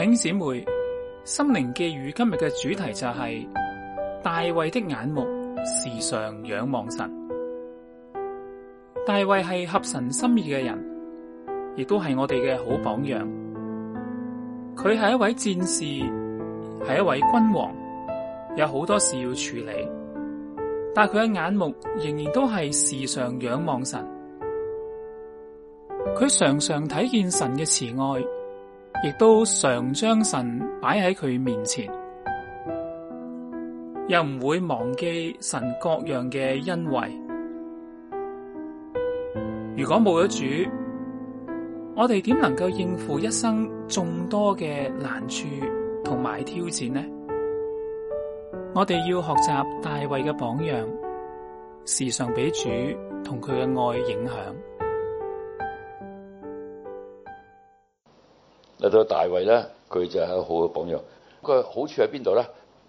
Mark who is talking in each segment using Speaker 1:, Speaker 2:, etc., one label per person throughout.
Speaker 1: 兄姊妹，心靈寄語今日嘅主題就係、是、大衛的眼目時常仰望神。大衛係合神心意嘅人，亦都係我哋嘅好榜樣。佢係一位戰士，係一位君王，有好多事要處理，但係佢嘅眼目仍然都係時常仰望神。佢常常睇見神嘅慈愛。亦都常將神擺喺佢面前，又唔會忘記神各樣嘅恩惠。如果冇咗主，我哋點能夠應付一生眾多嘅難處同埋挑戰呢？我哋要學習大衛嘅榜樣，時常俾主同佢嘅愛影響。
Speaker 2: 嚟到大衛咧，佢就係好嘅榜樣。佢好處喺邊度咧？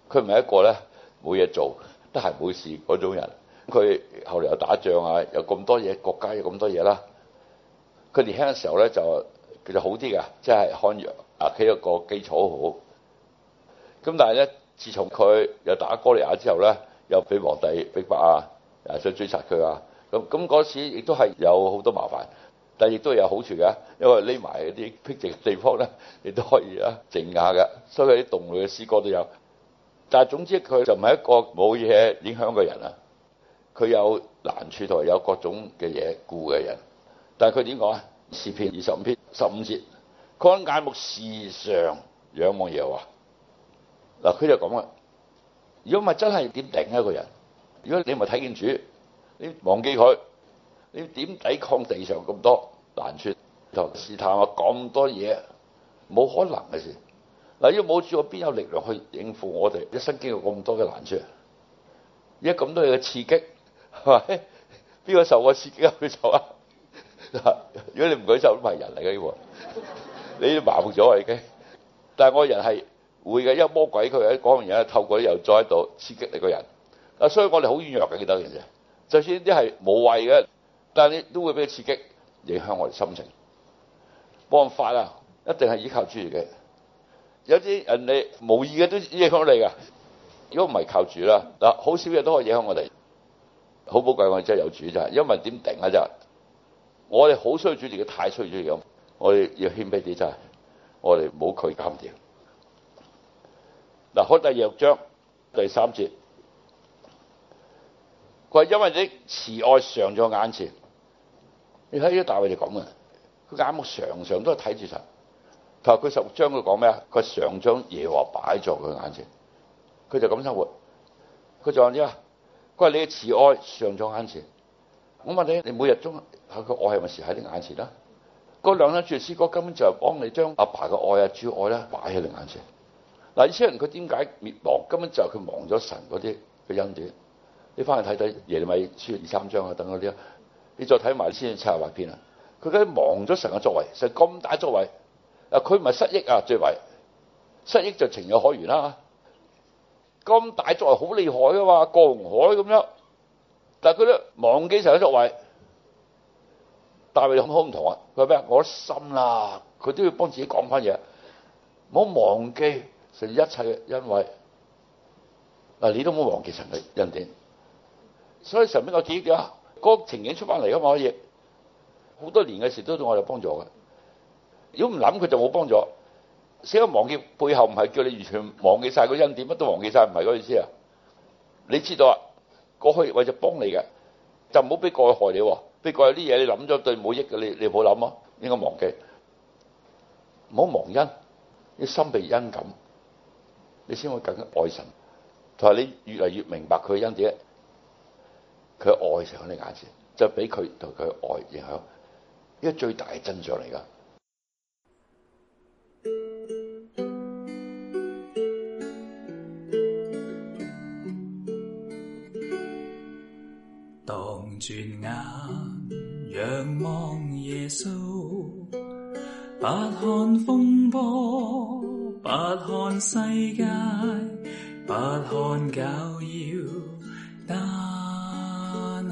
Speaker 2: 佢唔係一個咧冇嘢做，都係冇事嗰種人。佢後嚟又打仗啊，又咁多嘢，國家又咁多嘢啦。佢年輕嘅時候咧就其實好啲㗎，即係漢語啊，起一個基礎好。咁但係咧，自從佢又打哥利亞之後咧，又俾皇帝逼迫啊，啊想追殺佢啊。咁咁嗰次亦都係有好多麻煩。但亦都有好處嘅，因為匿埋啲僻靜嘅地方咧，你都可以啊靜下嘅。所以啲洞裏嘅詩歌都有。但係總之佢就唔係一個冇嘢影響嘅人啊！佢有難處同埋有各種嘅嘢顧嘅人。但係佢點講啊？詩篇，二十五篇，十五節，佢眼目時常仰望耶和華。嗱，佢就咁啊！如果唔係真係點頂一個人，如果你唔係睇見主，你忘記佢，你點抵抗地上咁多？難處同試探啊！我講咁多嘢冇可能嘅事。嗱，如果冇主，我邊有力量去應付我哋一生經過咁多嘅難處？而家咁多嘢嘅刺激，係咪？邊 個受過刺激佢受啊？嗱， 如果你唔舉手，都唔係人嚟嘅呢個， 你麻木咗啊已經。但係我個人係會嘅，因為魔鬼佢喺講完嘢，透過又再喺度刺激你個人。啊，所以我哋好軟弱嘅，其實其實。就算啲係無謂嘅，但係你都會俾佢刺激。影響我哋心情，冇辦法啊！一定係依靠主嘅。有啲人哋無意嘅都影響你哋噶，如果唔係靠主啦。嗱，好少嘢都可以影響我哋，好寶貴我哋真係有主啫。因為點定啊？就我哋好需要主嘅，太需要主咁，我哋要謙卑啲真係，我哋唔好拒監定。嗱，開第二六章第三節，佢因為你慈愛常在眼前。你睇啲大衛就咁啊，佢眼目常常都係睇住神。佢話佢十六章佢講咩啊？佢上章耶和華擺在佢眼前，佢就咁生活。佢就話啲啊，佢話你嘅慈愛上咗眼前。我問你，你每日中佢愛係咪時喺你眼前啦？嗰、那個、兩章主耶穌、那個、根本就係幫你將阿爸嘅愛啊主愛咧擺喺你眼前。嗱、啊、以色列人佢點解滅亡？根本就係佢忘咗神嗰啲嘅恩典。你翻去睇睇耶利米書二三章啊等嗰啲啊。你再睇埋先七十八篇啊！佢梗係忘咗神嘅作為，神咁大作為啊！佢唔係失憶啊，最為失憶就情有可原啦、啊。咁大作為好厲害噶、啊、嘛，過紅海咁樣。但係佢都忘記神嘅作為，大衛諗好唔同啊！佢話咩？我心啊，佢都要幫自己講翻嘢，唔好忘記神一切嘅恩惠。啊、你都唔好忘記神嘅恩典。所以神邊個建議點啊？個情景出翻嚟啊嘛，可以。好多年嘅事都對我有幫助嘅。如果唔諗佢就冇幫助。死寫忘記背後唔係叫你完全忘記晒個恩典，乜都忘記晒。唔係嗰意思啊！你知道啊，過去為咗幫你嘅，就唔好俾過去害你喎。俾過去啲嘢你諗咗對冇益嘅，你你唔好諗咯，應該忘記。唔好忘恩，你心被恩感，你先會更加愛神。同埋你越嚟越明白佢嘅恩典。佢愛常喺你眼前，就俾佢同佢愛影響，呢個最大嘅真相嚟㗎。
Speaker 1: 當轉眼仰望耶穌，不看風波，不看世界，不看攪擾，單。